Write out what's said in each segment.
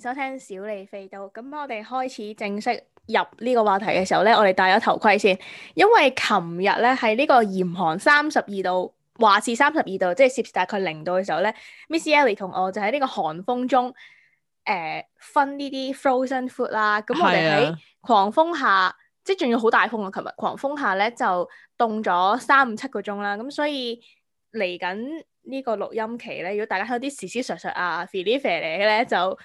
收聽小李飛刀。咁我哋開始正式入呢個話題嘅時候咧，我哋戴咗頭盔先，因為琴日咧係呢個嚴寒三十二度，華氏三十二度，即係攝氏大概零度嘅時候咧。Miss Ellie 同我就喺呢個寒風中，誒、呃，分呢啲 frozen food 啦。咁我哋喺狂風下，啊、即係仲要好大風啊！琴日狂風下咧就凍咗三五七個鐘啦。咁所以嚟緊呢個錄音期咧，如果大家有啲斯斯索索啊 p h i l i p p h i l i 嘅咧就。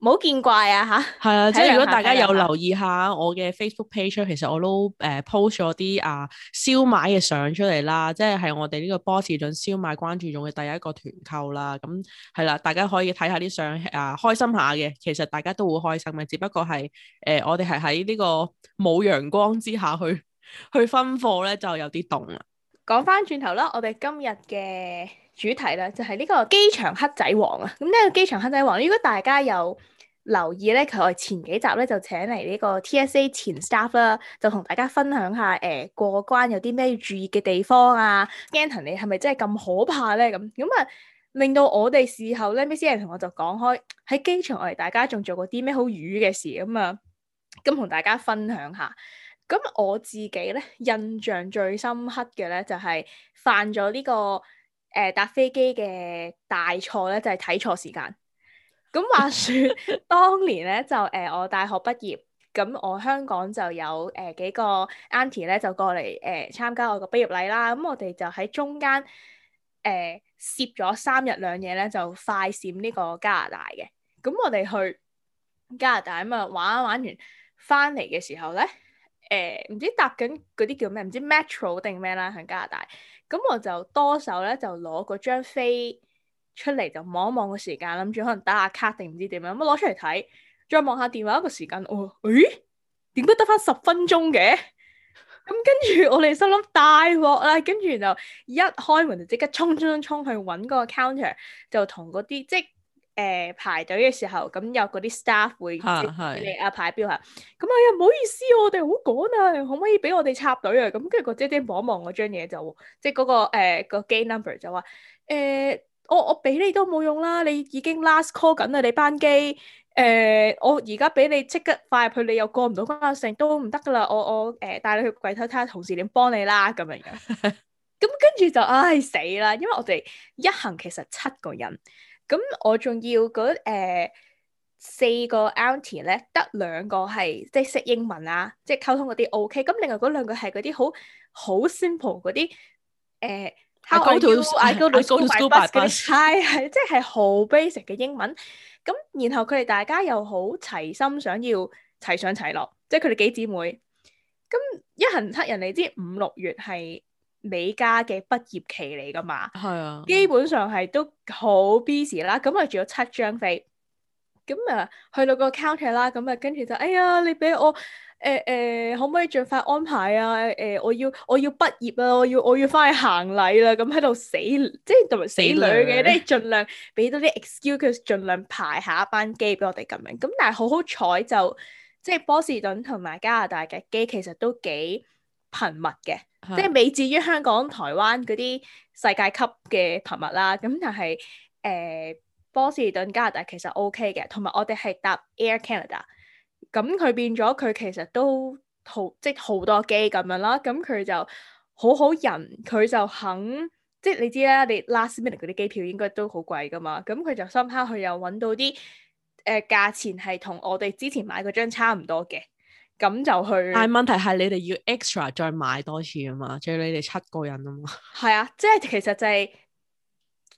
唔好見怪啊，吓，係啊，即係如果大家有留意下我嘅 Facebook page，其實我都誒 post 咗啲啊燒賣嘅相出嚟啦，即係係我哋呢個波士頓燒賣關注用嘅第一個團購啦，咁係啦，大家可以睇下啲相啊，開心下嘅，其實大家都會開心嘅，只不過係誒、呃、我哋係喺呢個冇陽光之下去去分貨咧，就有啲凍啦。講翻轉頭啦，我哋今日嘅。主題咧就係呢個機場黑仔王啊！咁呢個機場黑仔王，如果大家有留意咧，其實我哋前幾集咧就請嚟呢個 TSA 前 staff 啦，就同大家分享下誒、呃、過關有啲咩要注意嘅地方啊，驚騰你係咪真係咁可怕咧？咁咁啊，令到我哋事後咧，Miss 姐同我就講開喺機場，我哋大家仲做過啲咩好瘀嘅事咁啊？咁同大家分享下。咁我自己咧印象最深刻嘅咧，就係、是、犯咗呢、這個。誒、呃，搭飛機嘅大錯咧就係睇錯時間。咁話說 當年咧就誒、呃，我大學畢業，咁我香港就有誒、呃、幾個 aunty 咧就過嚟誒參加我個畢業禮啦。咁我哋就喺中間誒攝咗三日兩夜咧就快閃呢個加拿大嘅。咁我哋去加拿大咁啊玩一玩完翻嚟嘅時候咧，誒、呃、唔知搭緊嗰啲叫咩，唔知 metro 定咩啦喺加拿大。咁我就多手咧，就攞嗰張飛出嚟，就望一望個時間，諗住可能打下卡定唔知點樣。咁攞出嚟睇，再望下電話一個時間。哦，誒點解得翻十分鐘嘅？咁跟住我哋心諗大鑊啦，跟住就一開門就即刻衝衝衝，衝去揾嗰個 counter，就同嗰啲即。誒排隊嘅時候，咁有嗰啲 staff 會誒啊你排標嚇，咁啊唔好意思，我哋好趕啊，可唔可以俾我哋插隊啊？咁跟住個姐姐望一望嗰張嘢就，即係、那、嗰、個呃那個 Game number 就話誒、呃，我我俾你都冇用啦，你已經 last call 緊啦，你班機誒、呃，我而家俾你即刻快入去，你又過唔到關啊，成都唔得噶啦，我我誒帶你去櫃枱睇下同事點幫你啦，咁樣樣。咁跟住就唉、哎、死啦，因為我哋一行其實七個人。咁我仲要嗰誒四個 auntie 咧，得兩個係即係識英文啊，即係溝通嗰啲 OK。咁另外嗰兩個係嗰啲好好 simple 嗰啲誒，hello，I go to school bus 嗰啲，係係即係好 basic 嘅英文。咁然後佢哋大家又好齊心，想要齊上齊落，即係佢哋幾姊妹。咁一行七人，你知五六月係，美加嘅畢業期嚟噶嘛？係啊，基本上係都好 busy 啦。咁啊，仲有七張飛，咁啊，去到個 counter 啦，咁啊，跟住就，哎呀，你俾我，誒、呃、誒、呃，可唔可以盡快安排啊？誒、呃，我要我要畢業啊，我要我要翻去行禮啦。咁喺度死，即係同埋死女嘅，即係 盡量俾多啲 excuse，盡量排下一班機俾我哋咁樣。咁但係好好彩就，即、就、係、係、波士頓同埋加拿大嘅機其實都幾。頻密嘅。的即係未至於香港、台灣嗰啲世界級嘅頻密啦。咁但係誒、呃、波士頓、加拿大其實 OK 嘅，同埋我哋係搭 Air Canada，咁佢變咗佢其實都好即係好多機咁樣啦。咁佢就好好人，佢就肯即係你知啦，你 last minute 嗰啲機票應該都好貴噶嘛。咁佢就深刻，佢又揾到啲誒價錢係同我哋之前買嗰張差唔多嘅。咁就去。但問題係你哋要 extra 再買多次啊嘛，仲要你哋七個人啊嘛。係 啊，即係其實就係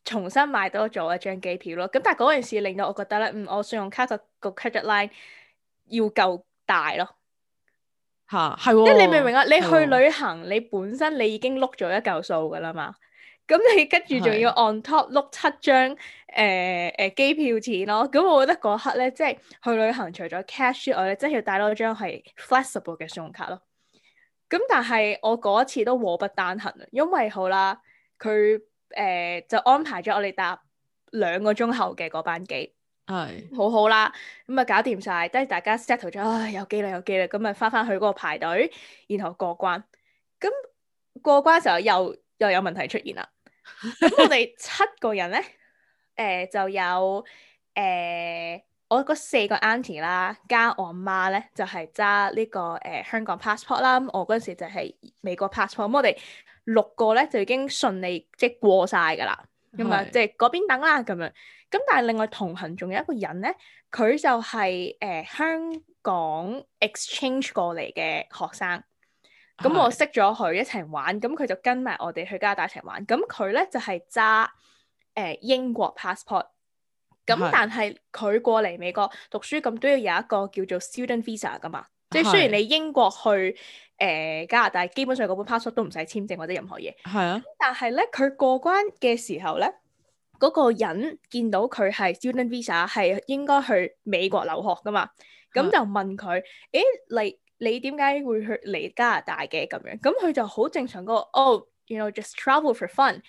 重新買多咗一張機票咯。咁但係嗰件事令到我覺得咧，嗯，我信用卡個個 credit line 要夠大咯。嚇、啊，係、哦、即係你明唔明啊？你去旅行，哦、你本身你已經碌咗一嚿數噶啦嘛。咁你跟住仲要 on top 碌七張誒誒、呃、機票錢咯，咁我覺得嗰刻咧，即係去旅行除咗 cash 之外，即係我哋係要帶多一張係 flexible 嘅信用卡咯。咁但係我嗰次都禍不單行啊，因為好啦，佢誒、呃、就安排咗我哋搭兩個鐘後嘅嗰班機，係是好好啦，咁啊搞掂晒，跟住大家 settle 咗，唉、哎、有機啦有機啦，咁啊翻返去嗰個排隊，然後過關，咁過關時候又又有問題出現啦。咁 我哋七個人咧，誒、呃、就有誒、呃、我嗰四個 auntie 啦，加我阿媽咧就係揸呢個誒、呃、香港 passport 啦。我嗰時就係美國 passport。咁我哋六個咧就已經順利即係過晒噶是啦，咁啊即係嗰邊等啦咁樣。咁但係另外同行仲有一個人咧，佢就係、是、誒、呃、香港 exchange 過嚟嘅學生。咁我識咗佢一齊玩，咁佢就跟埋我哋去加拿大一齊玩。咁佢咧就係揸誒英國 passport，咁但係佢過嚟美國讀書，咁都要有一個叫做 student visa 噶嘛。即係是雖然你英國去誒、呃、加拿大，基本上嗰本 passport 都唔使簽證或者任何嘢。係啊，但係咧佢過關嘅時候咧，嗰、那個人見到佢係 student visa 係應該去美國留學噶嘛，咁就問佢：誒、啊、你？你點解會去嚟加拿大嘅咁樣？咁佢就好正常個 oh, you know just travel for fun。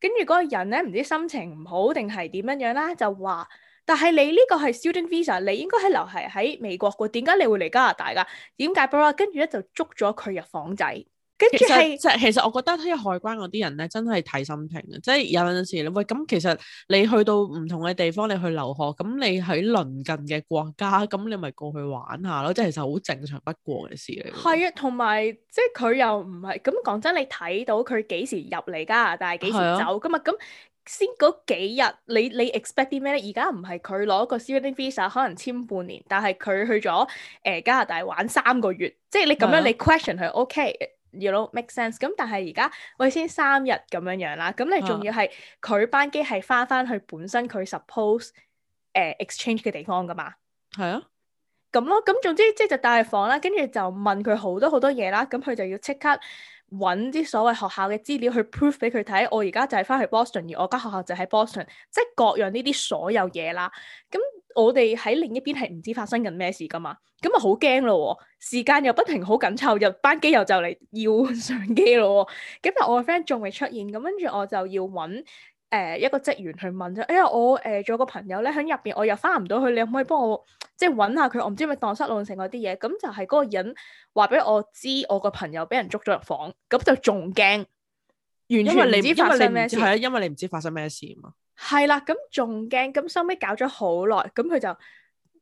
跟住嗰個人咧，唔知心情唔好定係點樣樣啦，就話，但係你呢個係 student visa，你應該係留係喺美國嘅，點解你會嚟加拿大㗎？點解，bro？跟住咧就捉咗佢入房仔。跟住係即係，其實我覺得喺海關嗰啲人咧，真係睇心情嘅，即係有陣時你喂咁。其實你去到唔同嘅地方，你去留學，咁你喺鄰近嘅國家，咁你咪過去玩下咯。即係其實好正常不過嘅事嚟。係啊的，同埋即係佢又唔係咁講真，你睇到佢的幾時入嚟加拿大，幾時走噶嘛？咁先嗰幾日，你你 expect 啲咩咧？而家唔係佢攞個 student visa 可能簽半年，但係佢去咗誒、呃、加拿大玩三個月，即係你咁樣的你 question 佢 OK？You know, 咯，make sense。咁但係而家喂先三日咁樣樣啦，咁你仲要係佢、啊、班機係翻翻去本身佢 suppose 誒、呃、exchange 嘅地方噶嘛？係啊，咁咯，咁總之即係就帶入房啦，跟住就問佢好多好多嘢啦，咁佢就要即刻揾啲所謂學校嘅資料去 proof 俾佢睇。我而家就係翻去 Boston，而我間學校就喺 Boston，即係各樣呢啲所有嘢啦，咁。我哋喺另一邊係唔知發生緊咩事噶嘛，咁啊好驚咯，時間又不停好緊湊，入班機又就嚟要上機咯，哦，咁但係我個 friend 仲未出現，咁跟住我就要揾誒、呃、一個職員去問啫，因、哎、為我誒做、呃、個朋友咧喺入邊，我又翻唔到去，你可唔可以幫我即係揾下佢？我唔知咪蕩失路成嗰啲嘢，咁就係嗰個人話俾我，我知，我個朋友俾人捉咗入房，咁就仲驚，完全唔你知發生咩事。係啊，因為你唔知，你唔知發生咩事啊嘛。係啦，咁仲驚，咁收尾搞咗好耐，咁佢就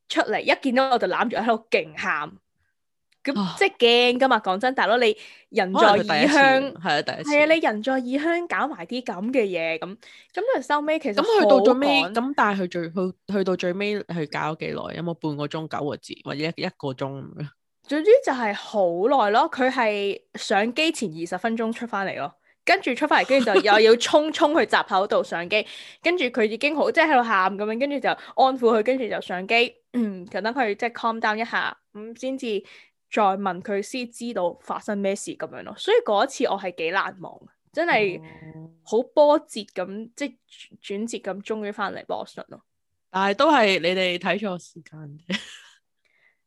出嚟，一見到我就攬住喺度勁喊，咁唉即係驚噶嘛？講真，大佬你人在異鄉，係啊，第一次，係啊，你人在異鄉搞埋啲咁嘅嘢，咁咁就收尾其實咁去到咗尾？咁但係佢最去去到最尾去,去搞咗幾耐？有冇半個鐘、九個字或者一一個鐘咁樣？總之就係好耐咯，佢係上機前二十分鐘出翻嚟咯。跟住出翻嚟，跟住就又要匆匆去閘口度上機，跟住佢已經好即係喺度喊咁樣，跟住就安撫佢，跟住就上機，嗯，等佢即係 calm down 一下，咁先至再問佢先知道發生咩事咁樣咯。所以嗰次我係幾難忘，真係好波折咁，嗯、即係轉折咁，終於翻嚟波士頓咯。但係都係你哋睇錯時間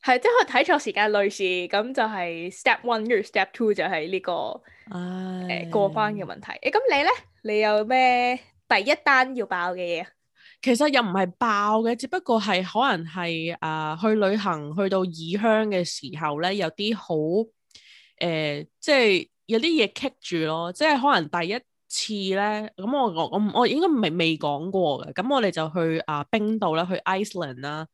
係即係可能睇錯時間類似咁就係 step one 跟住 step two 就係呢、這個誒、哎呃、過關嘅問題。誒、欸、咁你咧，你有咩第一單要爆嘅嘢啊？其實又唔係爆嘅，只不過係可能係誒、呃、去旅行去到異鄉嘅時候咧，有啲好誒，即係有啲嘢棘住咯。即係可能第一次咧，咁我我我應該未未講過嘅。咁我哋就去啊、呃、冰島啦，去 Iceland 啦。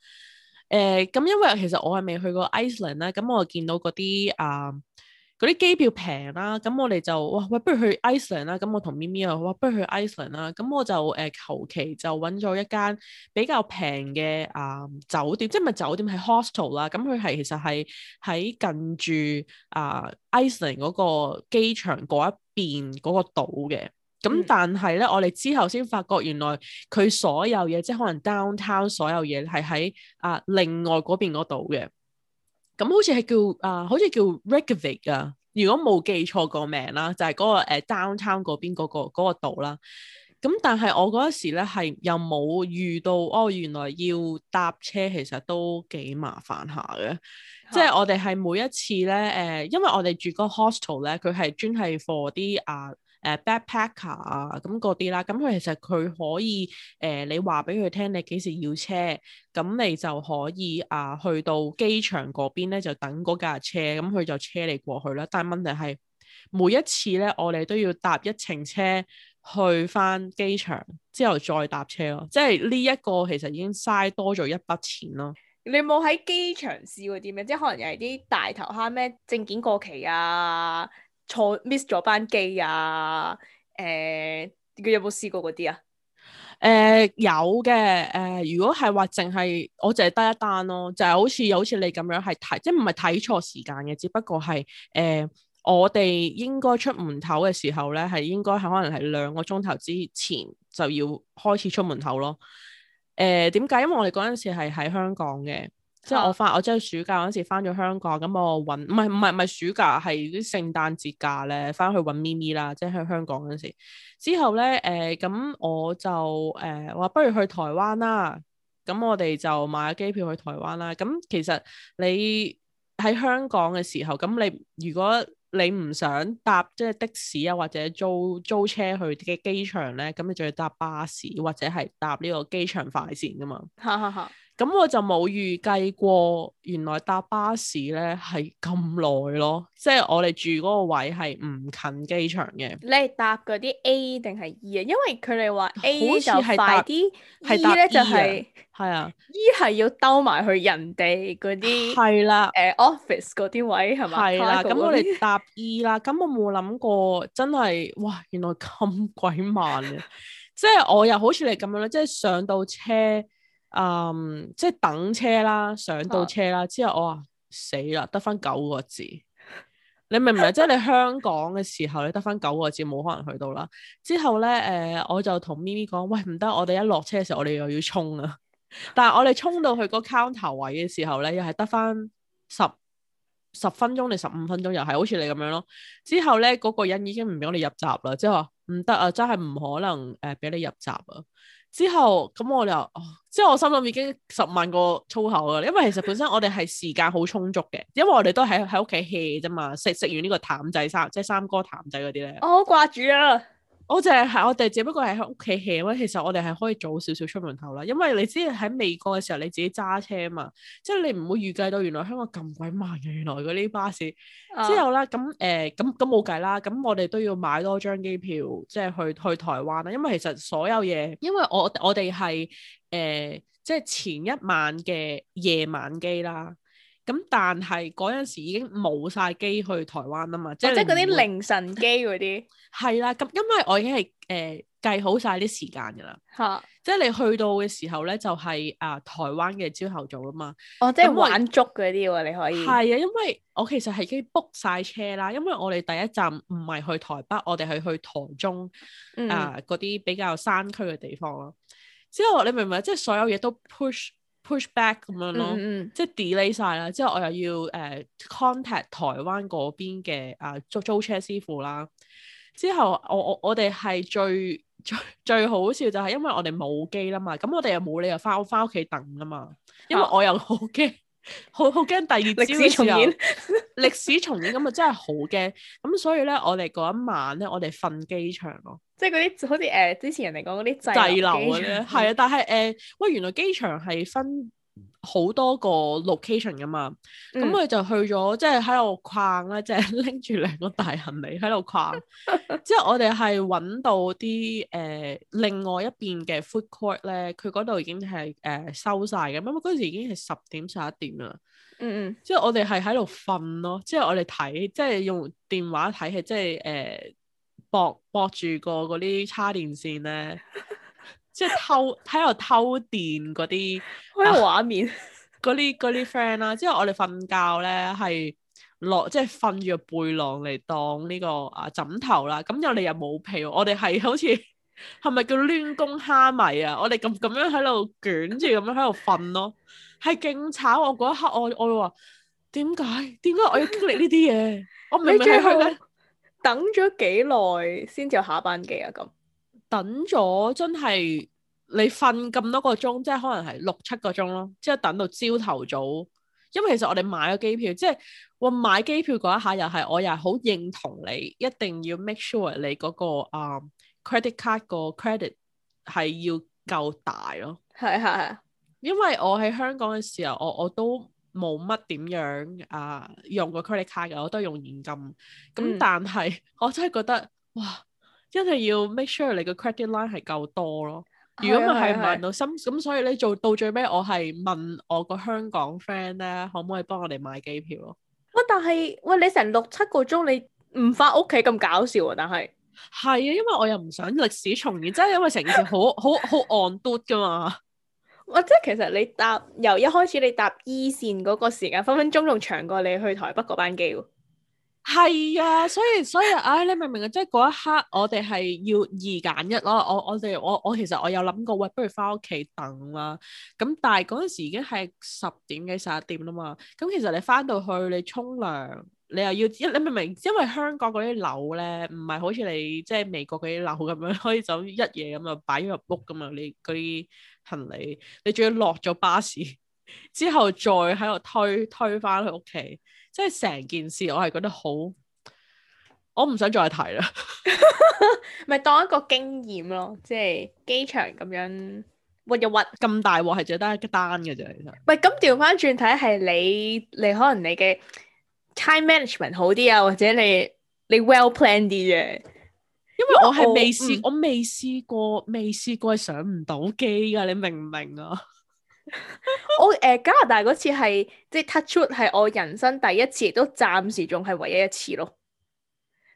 誒咁、呃，因為其實我係未去過 Iceland 啦、嗯，咁我就見到嗰啲啊啲機票平啦，咁、嗯、我哋就哇喂，不如去 Iceland 啦！咁、嗯、我同咪咪話，不如去 Iceland 啦！咁、嗯、我就誒求其就揾咗一間比較平嘅啊酒店，即係唔係酒店係 hostel 啦，咁佢係其實係喺近住啊、呃、Iceland 嗰個機場嗰一邊嗰個島嘅。咁、嗯、但係咧，我哋之後先發覺，原來佢所有嘢，即係可能 downtown 所有嘢，係喺啊另外嗰邊嗰度嘅。咁好似係叫啊、呃，好似叫 Reykjavik 噶、啊。如果冇記錯個名啦，就係、是、嗰、那個、呃、downtown 嗰邊嗰、那個嗰、那個度啦。咁但係我嗰時咧係又冇遇到，哦原來要搭車其實都幾麻煩下嘅。即係、嗯、我哋係每一次咧誒、呃，因為我哋住個 hostel 咧，佢係專係 for 啲啊。誒、uh, backpacker 啊，咁嗰啲啦，咁佢其實佢可以誒、呃，你話俾佢聽你幾時要車，咁你就可以啊去到機場嗰邊咧就等嗰架車，咁佢就車你過去啦。但係問題係每一次咧，我哋都要搭一程車去翻機場，之後再搭車咯，即係呢一個其實已經嘥多咗一筆錢咯。你冇喺機場試過啲咩？即係可能又係啲大頭蝦咩？證件過期啊？錯 miss 咗班機啊！誒、呃，佢有冇試過嗰啲啊？誒、呃、有嘅，誒、呃、如果係話淨係我淨係得一單咯，就係、是、好似有好似你咁樣係睇，即係唔係睇錯時間嘅，只不過係誒、呃、我哋應該出門口嘅時候咧，係應該係可能係兩個鐘頭之前就要開始出門口咯。誒點解？因為我哋嗰陣時係喺香港嘅。即係我翻，oh. 我即係暑假嗰時翻咗香港，咁我搵，唔係唔係唔係暑假，係啲聖誕節假咧，翻去搵咪咪啦，即係喺香港嗰時。之後咧，誒、呃，咁我就誒話、呃、不如去台灣啦。咁我哋就買咗機票去台灣啦。咁其實你喺香港嘅時候，咁你如果你唔想搭即係的士啊，或者租租車去嘅機場咧，咁你就要搭巴士或者係搭呢個機場快線噶嘛。 咁我就冇預計過，原來搭巴士咧係咁耐咯，即係我哋住嗰個位係唔近機場嘅。你係搭嗰啲 A 定係 E 啊？因為佢哋話 A 就快啲啲咧就係係啊。E 係要兜埋去人哋嗰啲係啦，誒 office 嗰啲位係咪？係啦，咁、啊啊、我哋搭 E 啦。咁我冇諗過真，真係哇！原來咁鬼慢嘅，即係 我又好似你咁樣啦，即係上到車。嗯，um, 即係等車啦，上到車啦之後我，我話死啦，得翻九個字，你明唔明？ 即係你香港嘅時候，你得翻九個字，冇可能去到啦。之後咧，誒、呃，我就同咪咪講，喂，唔得，我哋一落車嘅時候，我哋又要衝啊。 但係我哋衝到去個 counter 位嘅時候咧，又係得翻十十分鐘定十五分鐘，又係好似你咁樣咯。之後咧，嗰、那個人已經唔俾我哋入閘啦，即係話唔得啊，真係唔可能誒俾、呃、你入閘啊。之後咁我就，即、哦、係我心諗已經十萬個粗口啦，因為其實本身我哋係時間好充足嘅，因為我哋都喺喺屋企 hea 啫嘛，食食完呢個淡仔三，即係三哥淡仔嗰啲咧。我好掛住啊！我就係、係，係我哋只不過係喺屋企起，e 其實我哋係可以早少少出門口啦，因為你知喺美國嘅時候你自己揸車嘛，即係你唔會預計到原來香港咁鬼慢嘅。原來嗰啲巴士之後啦，咁誒咁咁冇計啦。咁我哋都要買多張機票，即係去去台灣啦。因為其實所有嘢，因為我我哋係誒，即係前一晚嘅夜晚機啦。咁但係嗰陣時已經冇晒機去台灣啊嘛，哦、即係即係嗰啲凌晨機嗰啲。係啦， 咁因為我已經係誒、呃、計好晒啲時間噶啦，嚇哈！即係你去到嘅時候咧，就係、是、啊、呃、台灣嘅朝頭早啊嘛。哦，即係玩足嗰啲喎，你可以。係啊，因為我其實係已經 book 晒車啦，因為我哋第一站唔係去台北，我哋係去台中啊嗰啲比較山區嘅地方咯。之後你明唔明？即係所有嘢都 push。push back 咁樣咯，即係 delay 晒啦。之後我又要誒、uh, contact 台灣嗰邊嘅啊、uh, 租租車師傅啦。之後我我我哋係最最最好笑就係因為我哋冇機啦嘛，咁我哋又冇理由翻翻屋企等啊嘛，因為我又好驚，好好驚第二次歷史重演，歷史重演咁啊真係好驚。咁所以咧，我哋嗰一晚咧，我哋瞓機場咯。即係嗰啲好似誒、呃、之前人哋講嗰啲滯留咧，係啊！ 但係誒，喂、呃，原來機場係分好多個 location 噶嘛。咁佢、嗯、就去咗，即係喺度逛啦，即係拎住兩個大行李喺度逛。之後我哋係揾到啲誒另外一邊嘅 food court 咧，佢嗰度已經係誒收晒嘅。咁啊，嗰陣時已經係十點十一點啦。嗯嗯。之後我哋係喺度瞓咯。之後我哋睇，即係用電話睇，係即係誒。搏搏住個嗰啲叉電線咧， 即係偷喺度偷電嗰啲畫面，嗰啲啲 friend 啦。之後我哋瞓覺咧係落，即係瞓住個背囊嚟當呢個啊枕頭啦。咁又你又冇被，我哋係好似係咪叫亂公蝦米啊？我哋咁咁樣喺度捲住咁樣喺度瞓咯，係勁慘。我嗰一刻我我會話點解？點解我要經歷呢啲嘢？ 我唔明住佢。」咧。等咗幾耐先至有下班機啊？咁等咗真係你瞓咁多個鐘，即係可能係六七個鐘咯，即係等到朝頭早。因為其實我哋買咗機票，即係我買機票嗰一下又係，我又係好認同你，一定要 make sure 你嗰、嗰個啊、uh, credit card 個 credit 係要夠大咯。係係，因為我喺香港嘅時候，我我都。冇乜點樣啊、呃，用過 credit card 嘅，我都用現金。咁、嗯、但係我真係覺得，哇，一定要 make sure 你個 credit line 係夠多咯。如果唔係問到心，咁、啊啊啊、所以你做到最尾，我係問我個香港 friend 咧，可唔可以幫我哋買機票咯、啊？哇！但係喂，你成六七個鐘你唔返屋企咁搞笑啊！但係係啊，因為我又唔想歷史重演，真係 因為成件事好好好 on doot 噶嘛。 即係其實你搭由一開始你搭二、e、線嗰個時間分分鐘仲長過你去台北嗰班機喎。係啊，所以所以，唉、哎，你明唔明啊？ 即係嗰一刻我哋係要二揀一咯。我我哋我我其實我有諗過，喂、哎，不如翻屋企等啦。咁但係嗰陣時已經係十點幾十一點啦嘛。咁其實你翻到去你沖涼。你又要一，你明唔明？因為香港嗰啲樓咧，唔係好似你即係美國嗰啲樓咁樣，可以就一夜咁就擺咗入屋咁啊！你嗰啲行李，你仲要落咗巴士之後再，再喺度推推翻去屋企，即係成件事我，我係覺得好，我唔想再提啦。咪 當一個經驗咯，即係機場咁樣鬱 一鬱，咁大鑊係就得一單嘅啫。其實，喂，咁調翻轉睇係你，你可能你嘅。 time management 好啲啊，或者你你 well plan 啲嘢，因為我係未試，我未試、嗯、過，未試過上唔到機噶，你明唔明啊？ 我誒、呃、加拿大嗰次係即係 touch wood 係我人生第一次，亦都暫時仲係唯一一次咯。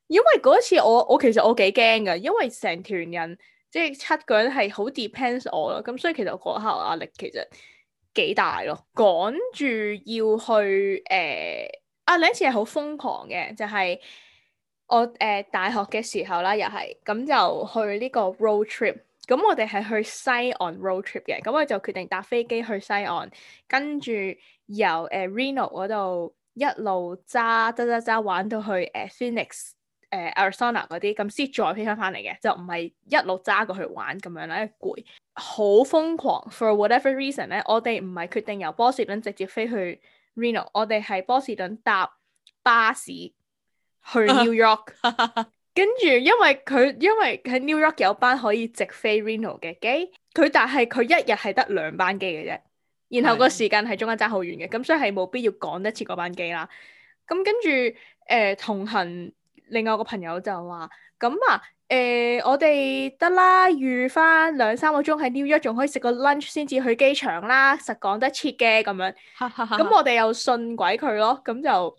因為嗰次我我其實我幾驚噶，因為成團人即係七個人係好 depends 我咯，咁所以其實嗰刻壓力其實幾大咯，趕住要去誒。呃啊！兩次係好瘋狂嘅，就係、是、我誒、呃、大學嘅時候啦，又係咁就去呢個 road trip。咁我哋係去西岸 road trip 嘅，咁我就決定搭飛機去西岸，跟住由誒 Reno 嗰度一路揸揸揸揸玩到去誒、呃、Phoenix 誒、呃、Arizona 嗰啲，咁先再飛翻翻嚟嘅，就唔係一路揸過去玩咁樣啦，攰。好瘋狂，for whatever reason 咧，我哋唔係決定由波士頓直接飛去，Reno，我哋係波士頓搭巴士去 New York， 跟住因為佢因為喺 New York 有班可以直飛 Reno 嘅機，佢但係佢一日係得兩班機嘅啫，然後個時間係中間差好遠嘅，咁的所以係冇必要趕得切嗰班機啦。咁跟住誒、呃、同行另外個朋友就話，咁啊。誒、呃，我哋得啦，預翻兩三個鐘喺 New York，仲可以食個 lunch 先至去機場啦，實講得切嘅咁樣。咁 我哋又信鬼佢咯，咁就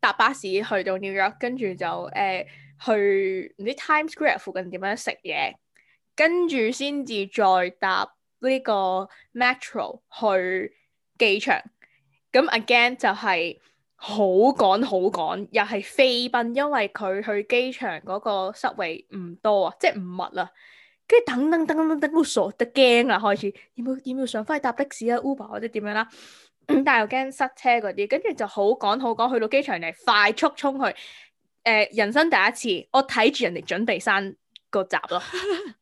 搭巴士去到 New York，跟住就誒、呃、去唔知 Times Square 附近點樣食嘢，跟住先至再搭呢個 metro 去機場。咁 again 就係、是。好趕好趕，又係飛奔，因為佢去機場嗰個室位唔多啊，即係唔密啊，跟住等等等等等都傻得驚啦，開始要唔要要唔要上翻搭的士啊，Uber 或者點樣啦，但係又驚塞車嗰啲，跟住就好趕好趕，去到機場嚟快速衝去，誒、呃、人生第一次，我睇住人哋準備閂個閘咯。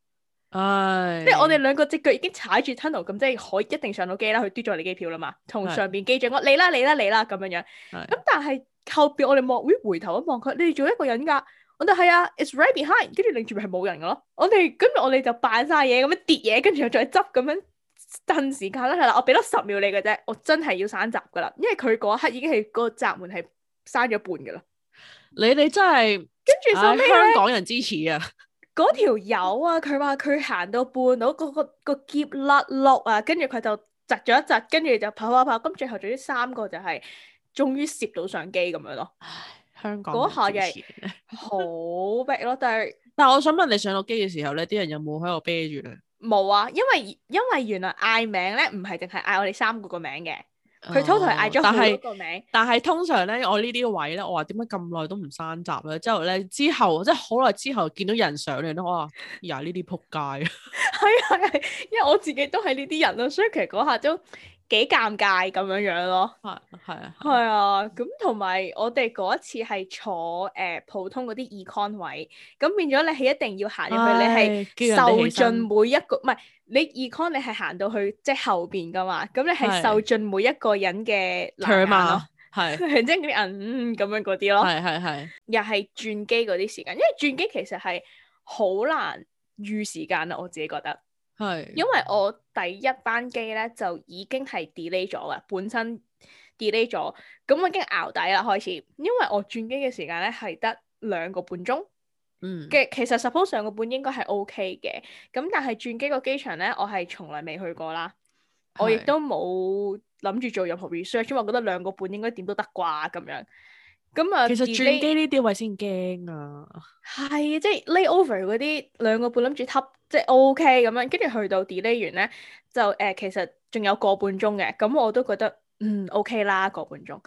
唉， 哎、即係我哋兩個隻腳已經踩住 tunnel，咁即係可以一定上到機啦，佢嘟咗你機票啦嘛。同上邊機長我你啦你啦你啦咁樣樣，咁的但係後邊我哋望，會回頭一望佢，你哋仲有一個人噶。我哋係啊，it's right behind，跟住你住邊係冇人噶咯。我哋跟住我哋就扮晒嘢咁樣跌嘢，跟住又再執咁樣。陣時間啦，係啦，我俾多十秒你嘅啫。我真係要閂閘噶啦，因為佢嗰一刻已經係、個閘門係閂咗半噶啦。你哋真係，跟住香港人支持啊！ 嗰條友啊，佢話佢行到半路嗰、嗰個、嗰個夾甩碌啊，跟住佢就窒咗一窒，跟住就跑跑跑，咁最後總之三個就係終於攝到相機咁樣咯。香港嗰 下嘅好逼咯，但係但係我想問你上到機嘅時候咧，啲人有冇喺度啤住你？冇啊，因為因為原來嗌名咧唔係淨係嗌我哋三個個名嘅。佢、哦、通常嗌咗佢嗰個名，但係通常咧，我呢啲位咧，我話點解咁耐都唔刪閘咧？之後咧，之後即係好耐之後見到人上嚟咧，我話、哎、呀呢啲仆街啊！係係， 因為我自己都係呢啲人咯，所以其實嗰下都，幾尷尬咁樣樣咯，係係啊，係啊，咁同埋我哋嗰一次係坐誒、呃、普通嗰啲 econ 位，咁變咗你係一定要行入去，唉你係受盡每一個，唔係你 econ 你 m 係行到去即係、就是、後邊噶嘛，咁你係受盡每一個人嘅長慢咯，係即係啲銀咁樣嗰啲咯，係係係，又係轉機嗰啲時間，因為轉機其實係好難預時間啊，我自己覺得。係，因為我第一班機咧就已經係 delay 咗啦，本身 delay 咗，咁我已經熬底啦開始。因為我轉機嘅時間咧係得兩個半鐘，嘅、嗯、其實 suppose 上個半應該係 OK 嘅，咁但係轉機個機場咧我係從來未去過啦，我亦都冇諗住做任何 research，是因為我覺得兩個半應該點都得啩咁樣。咁、嗯、啊，其實轉機呢啲位先驚啊，係啊，即係 layover 嗰啲兩個半諗住即係 O K 咁樣，跟住、嗯 OK、去到 delay 完咧，就誒其實仲有個半鐘嘅，咁我都覺得嗯 O K 啦個半鐘。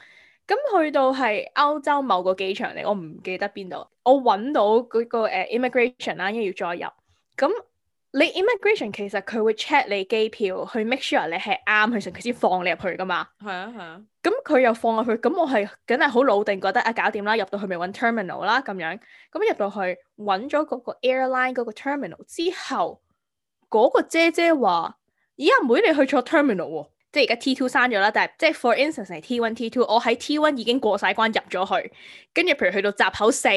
咁去到係歐洲某個機場嚟，我唔記得邊度，我揾到嗰、那個、呃、immigration 啦，因為要再入。咁你 immigration 其實佢會 check 你機票，去 make sure 你係啱佢，成，佢先放你入去㗎嘛。係啊，係啊。咁佢又放落去，咁我係梗係好老定，覺得啊搞掂啦，入到去咪揾 terminal 啦，咁樣，咁入到去揾咗嗰個 airline 嗰個 terminal 之後，嗰個姐姐話：咦阿妹你去錯 terminal 喎即係而家 T2 刪咗啦，但係即係 for instance 係 T1、T2，我喺 T1 已經過晒關入咗去，跟住譬如去到閘口四，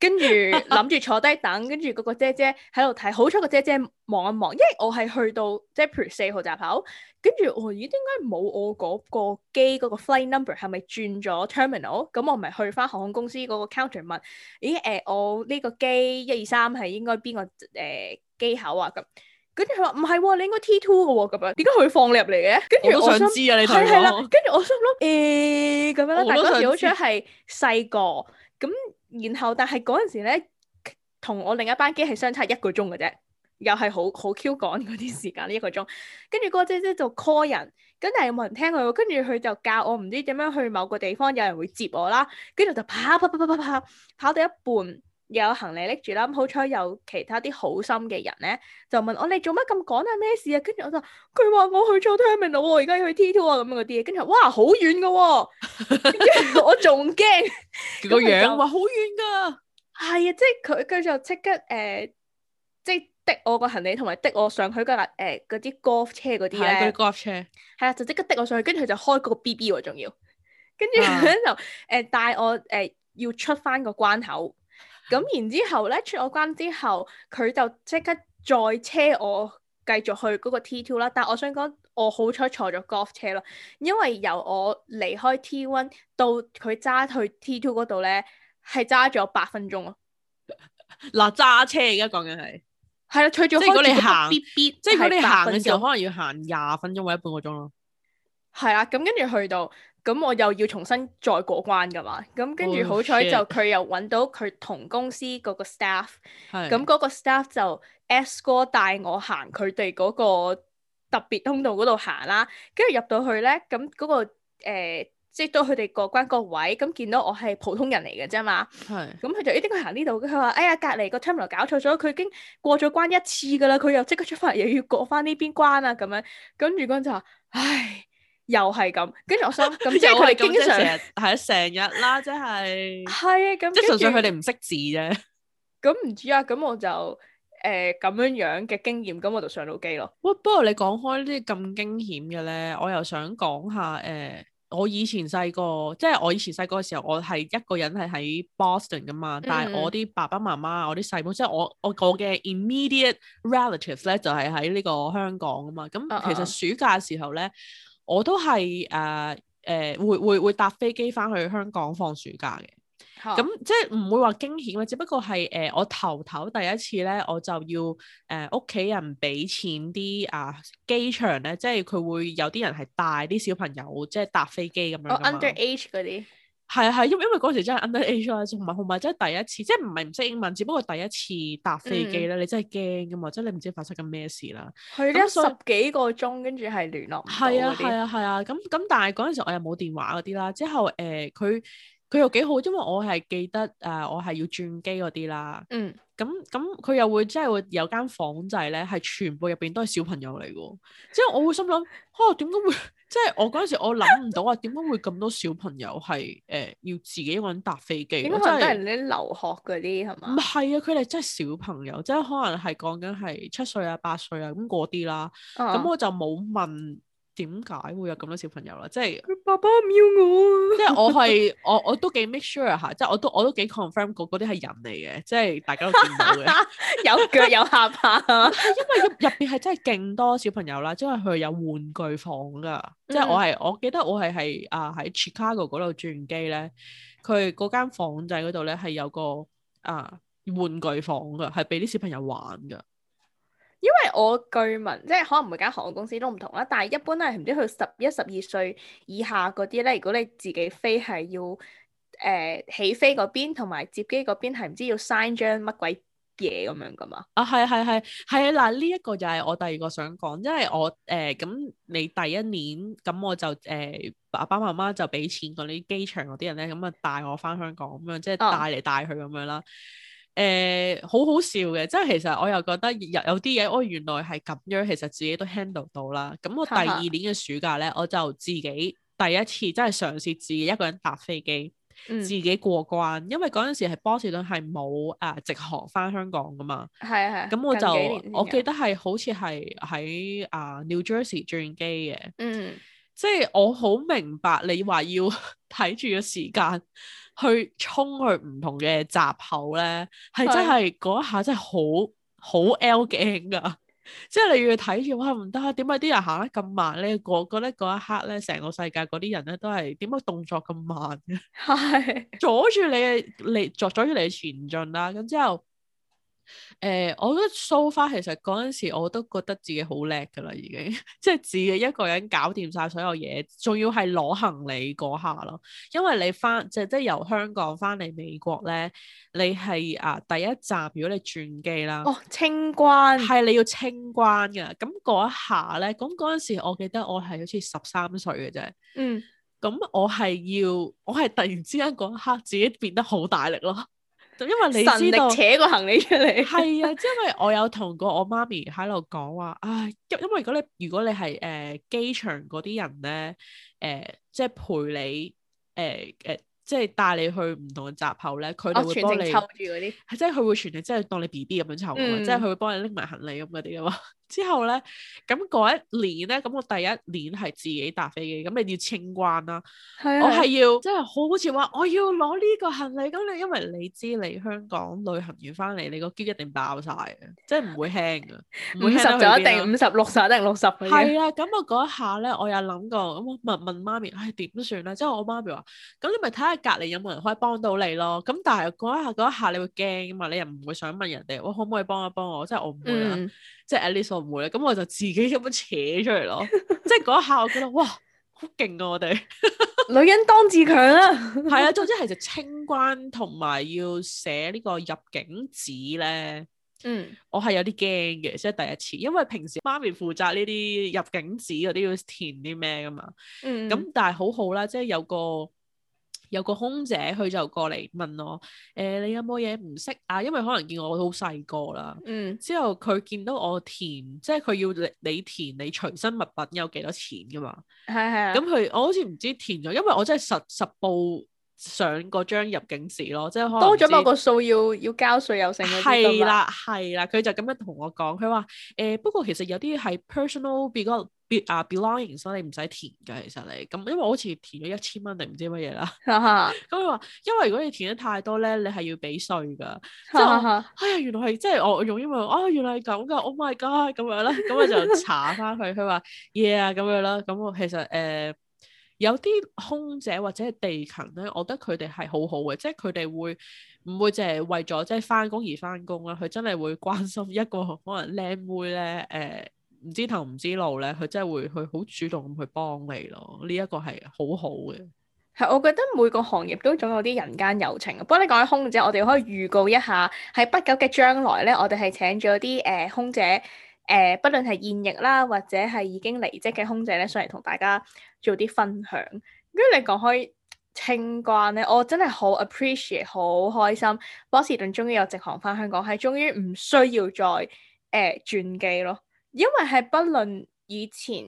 跟住諗住坐低等，跟住嗰個姐姐喺度睇，好彩個姐姐望一望，因為我係去到即係譬如四號閘口，跟住我咦，點解冇我嗰個機嗰個 flight number 係咪轉咗 terminal？咁我咪去返航空公司嗰個 counter 問，咦、欸、誒、呃、我呢個機一二三係應該邊個誒、呃、機口啊咁？跟住佢話唔係喎，你應該 T two 嘅喎，咁樣點解佢放你入嚟嘅？跟住我想知啊，心你係係啦，跟住我心想諗誒咁樣啦，但嗰時好似係細個咁，然後但係嗰陣時咧，同我另一班機係相差一個鐘嘅啫，又係好好 Q 趕嗰啲時間呢 一個鐘，跟住嗰個姐姐就 call 人，跟住又冇人聽佢，跟住佢就教我唔知點樣去某個地方，有人會接我啦，跟住就跑跑跑跑跑跑跑到一半。有行李拎住啦，咁好彩有其他啲好心嘅人咧，就問我你做乜咁趕啊？咩事啊？跟住我就佢話我去咗 terminal 啦，而家要去 T two 啊，咁樣嗰啲嘢，跟住哇好、哦、 遠噶，我仲驚個樣話好遠噶，係啊，即係佢跟住就即刻誒、呃，即係滴我個行李同埋滴我上去嗰架誒、呃、嗰啲 golf 車嗰啲 golf 車係啊、 嗯，就即刻滴我上去，跟住佢就開嗰個 B B 仲要，跟住咁就誒 帶我誒、呃、要出翻個關口。咁然之後咧，出咗關之後，佢就即刻再車我繼續去嗰個 T two 啦。但係我想講，我好彩坐咗 golf 車啦，因為由我離開 T one 到佢揸去 T two 嗰度咧，係揸咗八分鐘咯。嗱，揸車而家講緊係係啦，除咗即係你行，即係如果你行嘅時候，可能要行廿分鐘或者半個鐘咯。係啊，咁跟住去到。咁我又要重新再過關噶嘛？咁跟住好彩就佢又揾到佢同公司嗰個 staff，咁嗰個 staff 就 S 哥帶我行佢哋嗰個特別通道嗰度行啦。跟住入到去咧，咁嗰、那個誒、呃、即係到佢哋過關個位，咁見到我係普通人嚟嘅啫嘛。係咁佢就點解行呢度。佢、哎、話哎呀，隔籬個 terminal 搞錯咗，佢已經過咗關一次噶啦，佢又即刻出翻又要過翻呢邊關啊。咁樣跟住嗰陣就話唉。又係咁，跟住我想，即係我係經常，係啊，成日啦，即係，係啊，咁即係純粹佢哋唔識字啫。咁唔知啊，咁我就誒咁樣樣嘅經驗，咁我就上到機咯。哇！不過你講開驚險呢啲咁驚險嘅咧，我又想講下誒、欸，我以前細個，即係我以前細個嘅時候，我係一個人係喺 Boston 噶嘛，嗯嗯但係我啲爸爸媽媽、我啲細妹，即係我我我嘅 immediate relatives 咧，就係喺呢個香港噶嘛。咁其實暑假嘅時候咧。我都係誒誒會會會搭飛機翻去香港放暑假嘅，咁 Huh. 即係唔會話驚險嘅，只不過係誒、呃、我頭頭第一次咧，我就要誒屋企人俾錢啲啊機場咧，即係佢會有啲人係帶啲小朋友即係搭飛機咁樣。哦、oh，under age 嗰啲。係啊係，因為因為嗰時真係 underage 啊，同埋同埋真係第一次，即係唔係唔識英文，只不過第一次搭飛機啦。嗯、你真係驚噶嘛，即係你唔知發生緊咩事啦。去咗十幾個鐘，跟住係聯絡唔到。係啊係啊係啊，咁咁但係嗰陣時我又冇電話嗰啲啦。之後誒，佢、呃、佢又幾好，因為我係記得誒、呃，我係要轉機嗰啲啦。嗯。咁咁佢又會即係會有間房仔咧，係全部入邊都係小朋友嚟噶，之後我會心諗，哦、 啊，點解會？ 即係我嗰陣時，我諗唔到啊，點解會咁多小朋友係誒、呃、要自己一個人搭飛機？因為都係啲留學嗰啲係嘛？唔係啊，佢哋真係小朋友，即係可能係講緊係七歲啊、八歲啊咁嗰啲啦。咁、uh huh。嗯、我就冇問。點解會有咁多小朋友啦？即係佢爸爸唔要我啊，即係我係我我都幾 make sure 嚇，即係我都我都幾 confirm 嗰啲係人嚟嘅，即係大家都見到嘅，有腳有下巴。因為入入邊係真係勁多小朋友啦，即係佢有玩具房噶， 即係我係我記得我係係啊喺、呃、Chicago 嗰度轉機咧，佢嗰間房仔嗰度咧係有個啊、呃、玩具房噶，係俾啲小朋友玩噶。因為我據聞，即係可能每間航空公司都唔同啦，但係一般都係唔知去十一、十二歲以下嗰啲咧，如果你自己飛係要誒、呃、起飛嗰邊同埋接機嗰邊係唔知要 sign 張乜鬼嘢咁樣噶嘛？啊係係係係啊！嗱呢一個就係我第二個想講，因為我誒咁、呃、你第一年咁我就誒、呃、爸爸媽媽就俾錢嗰啲機場嗰啲人咧，咁啊帶我返香港咁樣，即係帶嚟帶去咁樣啦。嗯。誒，好、呃、好笑嘅，即係其實我又覺得有有啲嘢，我原來係咁樣，其實自己都 handle 到啦。咁我第二年嘅暑假咧， 我就自己第一次，即係嘗試自己一個人搭飛機，嗯、自己過關，因為嗰陣時係波士頓係冇誒直航翻香港噶嘛。係啊，咁我就我記得係好似係喺啊 New Jersey 轉機嘅。嗯。即係我好明白你話要睇住個時間。 去衝去唔同嘅閘口咧，係真係嗰是一下真係好好 L 驚噶即 係你要睇住哇，唔得，點解啲人行得咁慢咧？我覺得嗰一刻咧，成個世界嗰啲人咧都係點解動作咁慢嘅？係 阻住你，你，阻你阻住你前進啦。咁之後。誒，我覺得 so far 其實嗰陣時我都覺得自己好叻噶啦，已經 即係自己一個人搞掂晒所有嘢，仲要係攞行李嗰下咯。因為你翻即係由香港翻嚟美國咧，你係啊第一站，如果你轉機啦，哦，清關係你要清關噶，咁嗰一下咧，咁嗰陣時我記得我係好似十三歲嘅啫，嗯，咁我係要我係突然之間嗰一刻自己變得好大力咯。就因為你知道扯個行李出嚟，係啊，因為我有同過我媽咪喺度講話，唉，因因為如果你如果你係誒、呃、機場嗰啲人咧，誒、呃、即係陪你，誒、呃、誒即係帶你去唔同嘅閘口咧，佢都會幫你湊住嗰啲，係、哦、即係佢會全程即係當你 B B 咁樣湊、嗯、即係佢會幫你拎埋行李咁嗰啲啊嘛。之後咧，咁嗰一年咧，咁我第一年係自己搭飛機，咁你要清關啦。係啊，我係要，即係好似話我要攞呢個行李，咁你因為你知你香港旅行完翻嚟，你個肩一定爆晒嘅，即係唔會輕噶，五十就一定五十六十一定六十嘅係啊，咁我嗰一下咧，我有諗過，咁我問問媽咪，唉點算咧？即係我媽咪話，咁你咪睇下隔籬有冇人可以幫到你咯。咁但係嗰一下嗰一下你會驚啊嘛，你又唔會想問人哋，我、哎、可唔可以幫一幫我？即係我唔會啊。嗯即係 Alice 唔會咧，咁我就自己咁樣扯出嚟咯。 即係嗰一下，我覺得哇，好勁啊！我 哋女人當自強啊！ 」係啊，總之係就清關同埋要寫呢個入境紙咧。嗯，我係有啲驚嘅，即係第一次，因為平時媽咪負責呢啲入境紙嗰啲要填啲咩㗎嘛。嗯，咁但係好好啦，即係有個。有個空姐佢就過嚟問我，誒、呃、你有冇嘢唔識啊？因為可能見我好細個啦。嗯。之後佢見到我填，即係佢要你填你隨身物品有幾多錢噶嘛。係係、嗯。咁、嗯、佢我好似唔知填咗，因為我真係實實報上嗰張入境紙咯，即係可能多咗某個數要要交稅又剩。係啦係啦，佢就咁樣同我講，佢話誒不過其實有啲係 personal 別啊 Be,、uh,，belonging 身你唔使填噶，其實你咁，因為我好似填咗一千蚊定唔知乜嘢啦。咁佢話，因為如果你填得太多咧，你係要俾稅噶。 即係，哎呀，原來係即係我用英文，啊，原來係咁噶，Oh my god，咁樣啦。咁我就查翻佢，佢話，yeah，咁樣啦。咁我其實誒、呃，有啲空姐或者係地勤咧，我覺得佢哋係好好嘅，即係佢哋會唔會淨係為咗即係翻工而翻工咧？佢真係會關心一個可能靚妹咧，誒、呃。唔知頭唔知路咧，佢真係會佢好主動咁去幫你咯。呢、這、一個係好好嘅。係，我覺得每個行業都總有啲人間友情。不過你講起空姐，我哋可以預告一下，喺不久嘅將來咧，我哋係請咗啲誒空姐，誒、呃，不論係現役啦，或者係已經離職嘅空姐咧，上嚟同大家做啲分享。跟住、嗯、你講開清關咧，我真係好 appreciate，好開心。波士頓終於有直航返香港，係終於唔需要再誒轉機咯。因為係不論以前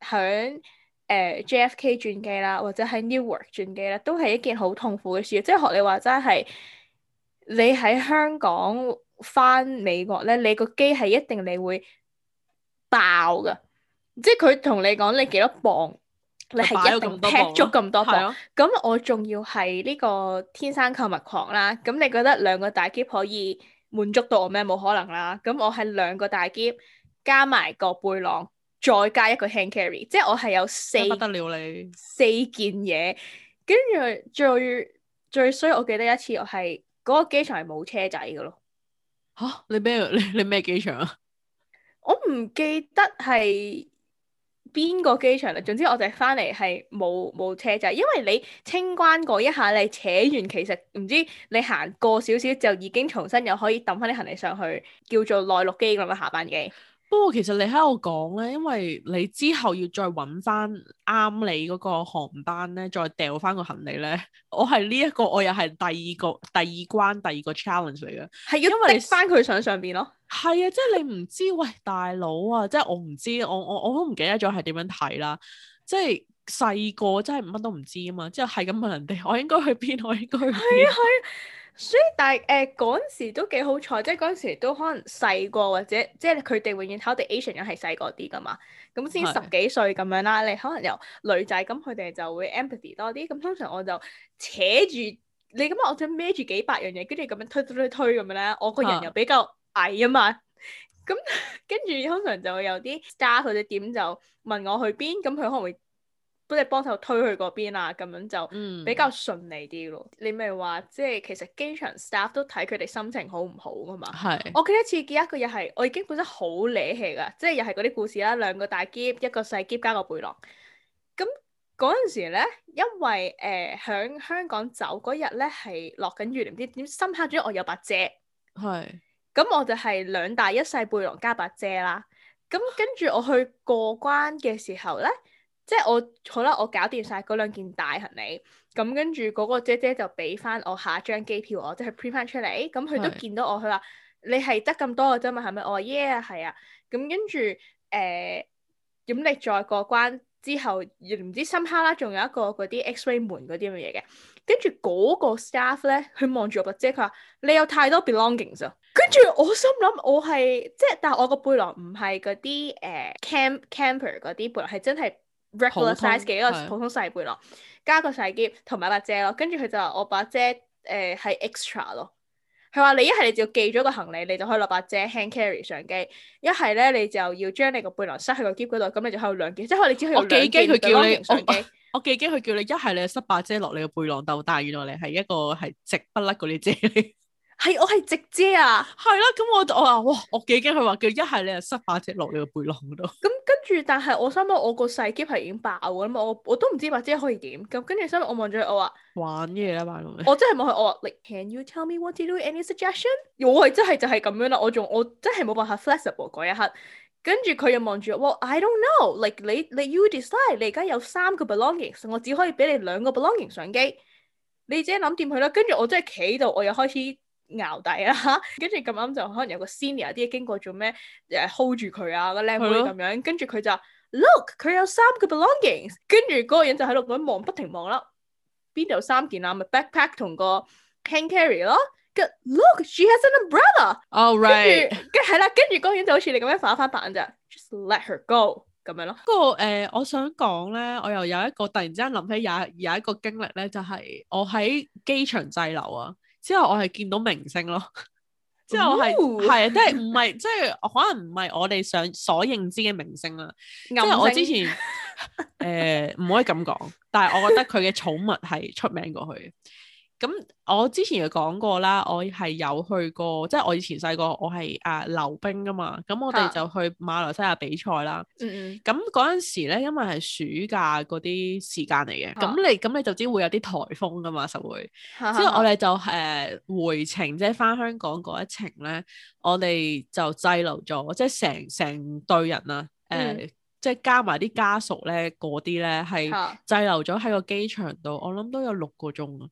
響誒、呃、JFK 轉機啦，或者喺 Newark 轉機啦，都係一件好痛苦嘅事。即係學你話齋係，你喺香港翻美國咧，你個機係一定你會爆噶。即係佢同你講你幾多、多磅，你係一定踢足咁多磅。咁、啊、我仲要係呢個天生購物狂啦。咁你覺得兩個大喼可以滿足到我咩？冇可能啦。咁我係兩個大喼加埋個背囊，再加一個 hand carry，即係我係有四不得了你四件嘢，跟住最最衰，我記得一次我係嗰個機場係冇車仔㗎咯。嚇！你咩？你你咩機場啊？我唔記得係邊個機場啦。總之我哋係翻嚟係冇冇車仔，因為你清關嗰一下你扯完，其實唔知你行過少少就已經重新又可以揼翻啲行李上去，叫做內陸機咁樣下班機。不過其實你喺度講咧，因為你之後要再揾翻啱你嗰個航班咧，再掉翻個行李咧，我係呢一個，我又係第二個第二關第二個 challenge 嚟嘅，係因為你翻佢上上邊咯。係啊，即係你唔知喂大佬啊，即係我唔知，我我我都唔記得咗係點樣睇啦，即係細個真係乜都唔知啊嘛，即係係咁問人哋，我應該去邊？我應該去邊？係啊係。所以但係誒嗰陣時都幾好彩，即係嗰陣時都可能細過或者即係佢哋永遠睇我哋 Asian 人係細過啲㗎嘛，咁先十幾歲咁樣啦。的你可能由女仔，咁佢哋就會 empathy 多啲。咁通常我就扯住你咁樣，我就孭住幾百樣嘢，跟住咁樣推推推推咁樣咧。我個人又比較矮啊嘛，咁跟住通常就會有啲 staff，或者點就問我去邊，咁佢可能會幫你幫手推去嗰邊啊，咁樣就比較順利啲咯。嗯、你咪話，即係其實機場 staff 都睇佢哋心情好唔好㗎嘛。是我記得一次見一個又係，我已經本身好瀨氣㗎，即係又係嗰啲故事啦，兩個大喼，一個細喼加個背囊。咁嗰陣時咧，因為誒響、呃、香港走嗰日咧係落緊雨，唔知點，點深黑，咗，我有把遮。係是。咁我就係兩大一細背囊加把遮啦。咁跟住我去過關嘅時候咧。即係我好啦，我搞掂晒嗰兩件大行李，咁跟住嗰個姐姐就俾翻我下一張機票，我即係 print 翻出嚟，咁佢都見到我，佢話是你係得咁多嘅啫嘛，係咪？我話 yeah 係、yeah, 啊、yeah.，咁跟住誒，咁你再過關之後，唔知深刻啦，仲有一個嗰啲 X-ray 門嗰啲咁嘅嘢嘅，跟住嗰個 staff 咧，佢望住我個姐，佢話你有太多 belongings 啊，跟住我心諗，我係即係，但係我個背囊唔係嗰啲誒 camp camper 嗰啲背囊，係真係。regular size 嘅一個普通細背囊，加個細篋同埋把遮咯，跟住佢就話我把遮誒係 extra 咯，佢話你一係你就要寄咗個行李，你就可以落把遮 hand carry 相機；一係咧你就要將你個背囊塞喺個篋嗰度，咁你就喺度兩件，即係你只可以我幾驚佢叫你，我幾驚佢叫你一係你塞把遮落你個背囊度，但係原來你係一個係直不甩嗰啲遮。 係我係直姐啊！係啦，咁我我話哇，我幾驚佢話叫一係你又塞把遮落你個背囊度。咁、嗯、跟住，但係我心諗我個細機係已經爆嘅啦嘛，我我都唔知把遮可以點。咁跟住，心我望住佢，我話玩嘢啦，把佢。我真係望佢，我 l、like, can you tell me what to do? Any suggestion？我係真係就係咁樣啦，我仲我真係冇辦法 flexible 嗰一刻。跟住佢又望住我，I don't know。like 你你 you decide。你而家有三個 belongings，我只可以俾你兩個 belonging 相機。你自己諗掂佢啦。跟住我真係企度，我又開始。咬底啊！哈， 跟住咁啱就可能有個 senior 啲，經過做咩，誒、呃、hold 住佢啊，個靚妹咁樣，跟住佢就 look 佢有三個 belongings，跟住嗰個人就喺度咁樣望不停望啦，邊度有三件啊？咪、就是、backpack 同個 hand carry 咯。跟 look she has an umbrella. All right. 跟係啦，跟住嗰個人就好似你咁樣反翻白眼啫。Just let her go 咁樣咯。不過誒，我想講咧，我又有一個突然之間諗起有一有一個經歷咧，就係、是、我喺機場滯留啊。之後我係見到明星咯，之後係係即係唔係即係可能唔係我哋想所認知嘅明星啦，因為星我之前誒唔、 呃、可以咁講，但係我覺得佢嘅寵物係出名過佢。咁我之前又講過啦，我係有去過，即係我以前細個，我係誒溜冰噶嘛。咁我哋就去馬來西亞比賽啦。咁嗰陣時咧，因為係暑假嗰啲時間嚟嘅，咁、嗯、你咁你就知會有啲颱風噶嘛，實會。所以哈我哋就誒、呃、回程，即係翻香港嗰一程咧，我哋就滯留咗，即係成成堆人啊，誒、嗯呃，即係加埋啲家屬咧，嗰啲咧係滯留咗喺個機場度，我諗都有六個鐘啊。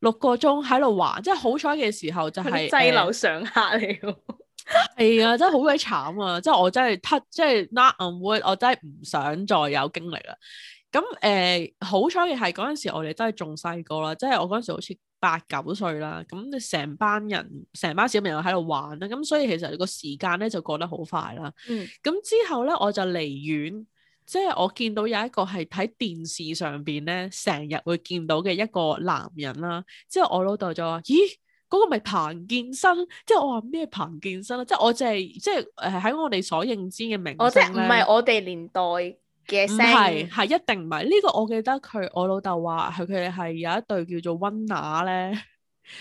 六個鐘喺度玩，即係好彩嘅時候就係滯留上下嚟喎。哎 呀，真係好鬼慘啊！即係 我真係，即係嗱，唔會，我真係唔想再有經歷啦。咁誒，欸就是，好彩嘅係嗰陣時我哋真係仲細個啦，即係我嗰陣時好似八九歲啦。咁你成班人，成班小朋友喺度玩啦。咁所以其實個時間咧就過得好快啦。咁、嗯、之後咧我就離遠。即係我見到有一個係睇電視上邊咧，成日會見到嘅一個男人啦。之後我老豆就話：咦，嗰，那個咪彭健新。即係我話咩彭健新啦？即係我就係即係誒喺我哋所認知嘅名。哦，即是是我即係唔係我哋年代嘅聲。唔係，係一定唔係呢個。我記得佢，我老豆話佢佢係有一對叫做溫拿咧。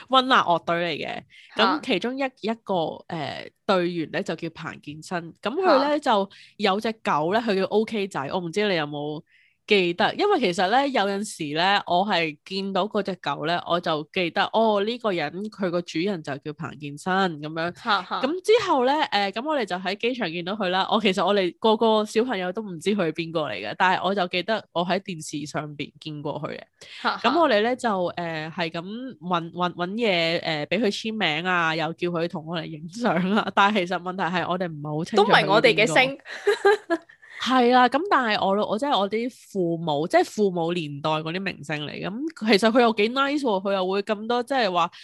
溫拿樂隊嚟嘅，咁 其中一個一個誒隊、呃、員咧就叫彭健新，咁佢咧就有隻狗咧，佢叫 O.K. 仔，我唔知你有冇。記得，因為其實咧有陣時咧，我係見到嗰隻狗咧，我就記得哦呢、呢個人佢個主人就叫彭建新。咁樣。咁 之後咧，誒、呃、咁我哋就喺機場見到佢啦。我其實我哋個個小朋友都唔知佢係邊個嚟嘅，但係我就記得我喺電視上邊見過佢嘅。咁 我哋咧就誒係咁揾揾揾嘢誒俾佢簽名啊，又叫佢同我哋影相啊。但係其實問題係我哋唔係好清楚。都唔係我哋嘅星。 係啦，咁但係我我即係我啲父母，即係父母年代嗰啲明星嚟，咁其實佢又幾 nice 喎，佢又會咁多即係話。就是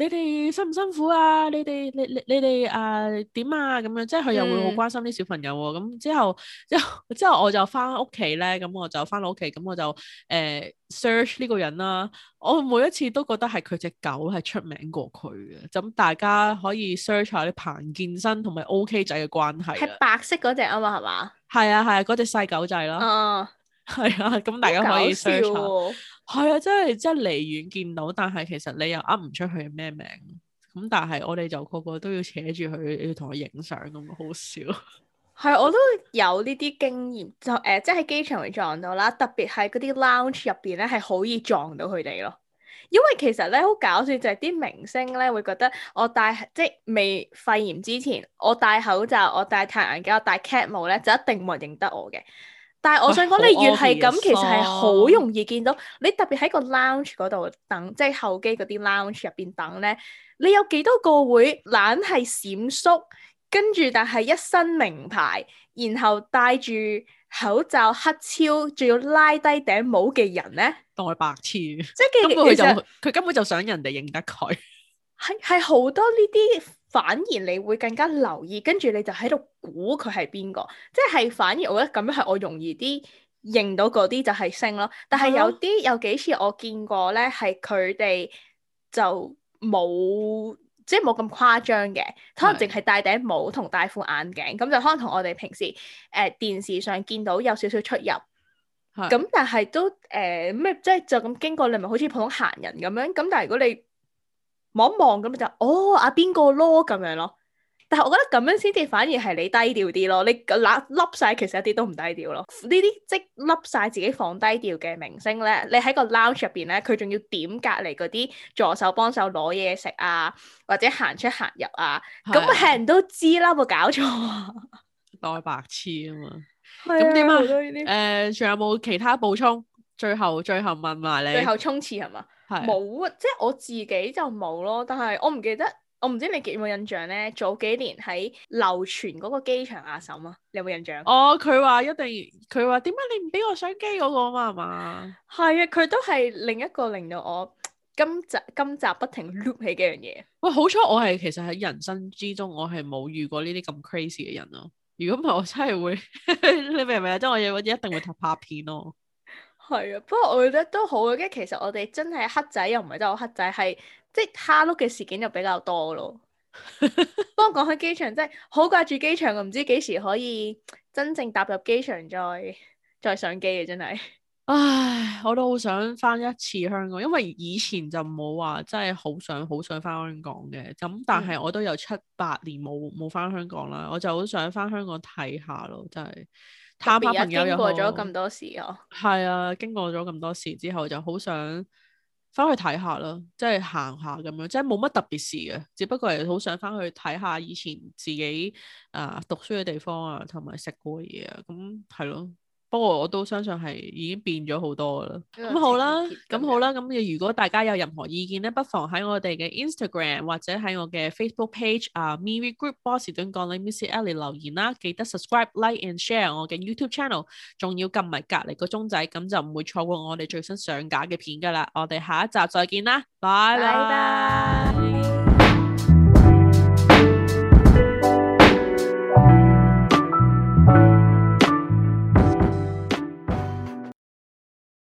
你哋辛唔辛苦啊？你哋你你你哋啊點啊咁樣，即係佢又會好關心啲小朋友喎、啊。咁、嗯、之後之後之後我就翻屋企咧，咁我就翻到屋企，咁我就誒 search 呢個人啦、啊。我每一次都覺得係佢隻狗係出名過佢嘅，咁大家可以 search 下啲彭健身同埋 OK 仔嘅關係。係白色嗰隻啊嘛，係嘛？係啊係啊，嗰隻細狗仔咯。哦、啊，係啊，咁大家可以 search。係啊，真係真離遠見到，但係其實你又呃唔出佢係咩名，咁但係我哋就個個都要扯住佢，要同佢影相咁，好笑。係我都有呢啲經驗，就誒，即係喺機場會撞到啦，特別係嗰啲 lounge 入邊咧，係好易撞到佢哋咯。因為其實咧好搞笑，就係啲明星咧會覺得，我戴即係未肺炎之前，我戴口罩，我戴太陽鏡，我戴 cap 帽咧，就一定冇人認得我嘅。但係我想講，你越係咁，其實係好容易見到。你特別喺個 lounge 嗰度等，即係候機嗰啲 lounge 入邊等咧，你有幾多個會懶係閃縮，跟住但係一身名牌，然後戴住口罩黑超，仲要拉低頂帽嘅人咧，當佢白痴。即係是根本佢就佢實根本就想人哋認得佢。係係好多呢啲，反而你會更加留意，跟住你就喺度。估佢係邊個？即係反而，我覺得咁樣係我容易啲認到嗰啲就係星咯。但係有啲、嗯、有幾次我見過咧，係佢哋就冇即係冇咁誇張嘅，可能淨係戴頂帽同戴副眼鏡咁，是就可能同我哋平時誒、呃、電視上見到有少少出入。咁是但係都誒咩、呃？即係就咁經過你咪好似普通行人咁樣。咁但係如果你望一望咁就，哦啊邊個咯咁樣咯。但係我覺得咁樣先至反而係你低調啲咯，你笠笠曬其實一啲都唔低調咯。呢啲即係笠曬自己放低調嘅明星咧，你喺個 lounge 入邊咧，佢仲要點隔離嗰啲助手幫手攞嘢食啊，或者行出行入啊，咁係、啊、人都知啦，冇搞錯啊，代白痴啊嘛。咁點啊？誒、啊，仲、呃、有冇其他補充？最後最後問埋你。最後衝刺係嘛？冇啊，即係我自己就冇咯，但係我唔記得。我唔知你有冇印象咧，早幾年喺流傳嗰個機場阿嬸啊，你有冇印象？哦，佢話一定，佢話點解你唔俾我相機嗰個啊嘛，係嘛？係啊，佢都係另一個令到我今集今集不停碌起嘅樣嘢。喂，好彩我係其實喺人生之中我、啊我， 我係冇遇過呢啲咁 crazy 嘅人咯。如果唔係，我真係會你明唔明啊？即係我有，一定會拍片咯、啊。係啊，不過我覺得都好嘅，跟其實我哋真係黑仔又唔係真係黑仔，係即係蝦碌嘅事件就比較多咯。 不過講開機場真係好掛住機場嘅，唔知幾時可以真正踏入機場再再上機嘅，真係。唉，我都好想翻一次香港，因為以前就冇話真係好想好想翻香港嘅，咁但係我都有七八年冇冇翻香港啦，我就好想翻香港睇下咯，真係。探下朋友又好，係啊，經過咗咁多事之後就看看，就好想翻去睇下咯，即係行下咁樣，即係冇乜特別事嘅，只不過係好想翻去睇下以前自己啊、呃、讀書嘅地方啊，同埋食過嘅嘢啊，咁係咯。不過我都相信係已經變咗、嗯、好多啦。咁、嗯、好啦，咁好啦。咁如果大家有任何意見咧，不妨喺我哋嘅 Instagram 或者喺我嘅 Facebook page 啊 Miri Group Boss，唔該你 Miss Ellie 留言啦。記得 subscribe、like and share 我嘅 YouTube channel，仲要撳埋隔離個鐘仔，咁就唔會錯過我哋最新上架嘅片㗎啦。我哋下一集再見啦，拜拜。Bye bye